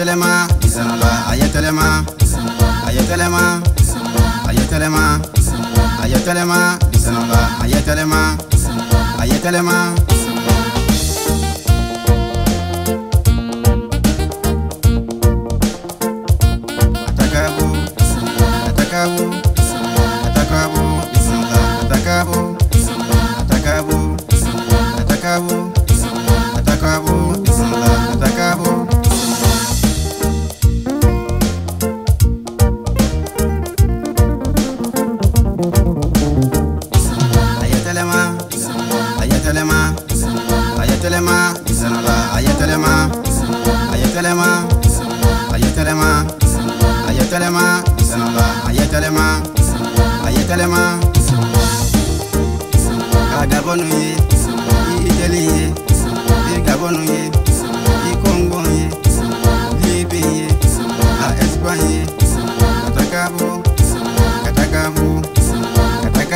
telema aye telema aye telema aye telema aye telema aye telema aye telema telema aya telema aya telema aya telema aya telema aya telema aya telema aya telema ka dabɔnu ye i iteli ye i gabɔnu ye i kabu, ye libe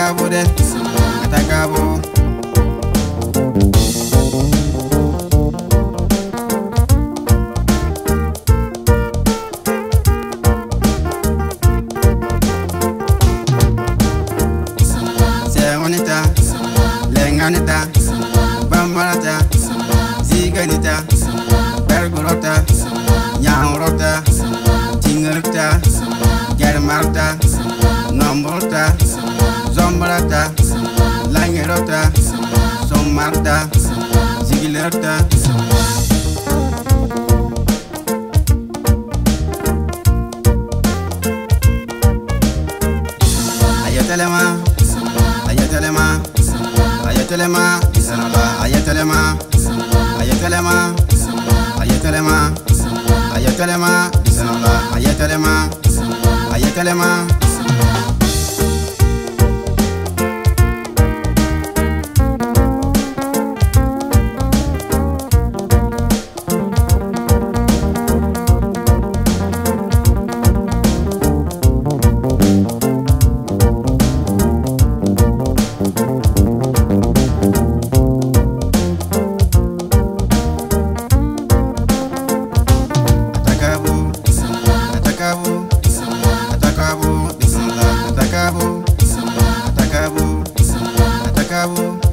ye a ŋmanata ziiganita bergurota ñaŋurota tingerta germarta nomorta zombrata langerota sommarta zigilerta ayatelema ayatelema telema aye telema aye telema aye telema aye telema aye telema aye telema acabó.